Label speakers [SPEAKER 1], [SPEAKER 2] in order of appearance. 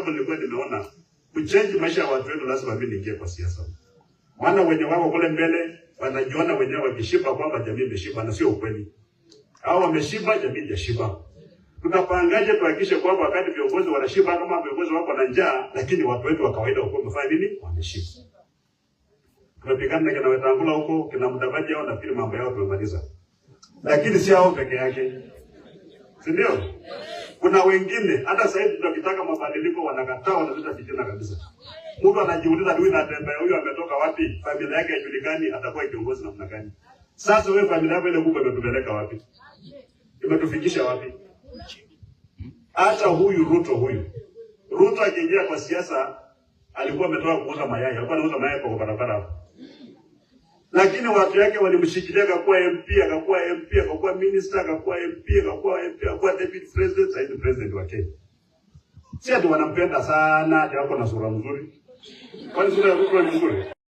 [SPEAKER 1] sababu nilikuwa nimeona kuchange maisha ya watu wetu, lazima mimi niingie kwa siasa, maana wenye wako kule mbele wanajiona wenyewe wakishiba kwamba jamii imeshiba, na sio ukweli. Hao wameshiba, jamii hajashiba. Tunapangaje tuhakikishe kwamba wakati viongozi wanashiba, kama viongozi wako na njaa, lakini watu wetu wa kawaida wako wamefanya nini? Wameshiba. Tunapigana na kina Wetangula huko, kina Mudavadi hao, nafikiri mambo yao tumemaliza, lakini si hao peke yake, si ndio? Kuna wengine hata sasa hivi tunakitaka mabadiliko wanakataa, wanaleta fitina kabisa. Mtu anajiuliza huyu anatembea huyu ametoka wapi? Familia yake haijulikani, atakuwa kiongozi namna gani? Sasa wewe familia yako ile kubwa imetupeleka wapi? Imetufikisha wapi? Hata huyu Ruto huyu. Ruto akiingia kwa siasa alikuwa ametoka kuuza mayai, alikuwa anauza mayai kwa barabara hapo lakini watu yake walimshikilia, akakuwa MP, akakuwa MP, akakuwa minister, akakuwa MP, akakuwa MP, akakuwa deputy president, sasa president wa Kenya. Si ati wanampenda sana, ati wako na sura mzuri Kwani sura ya Ruto ni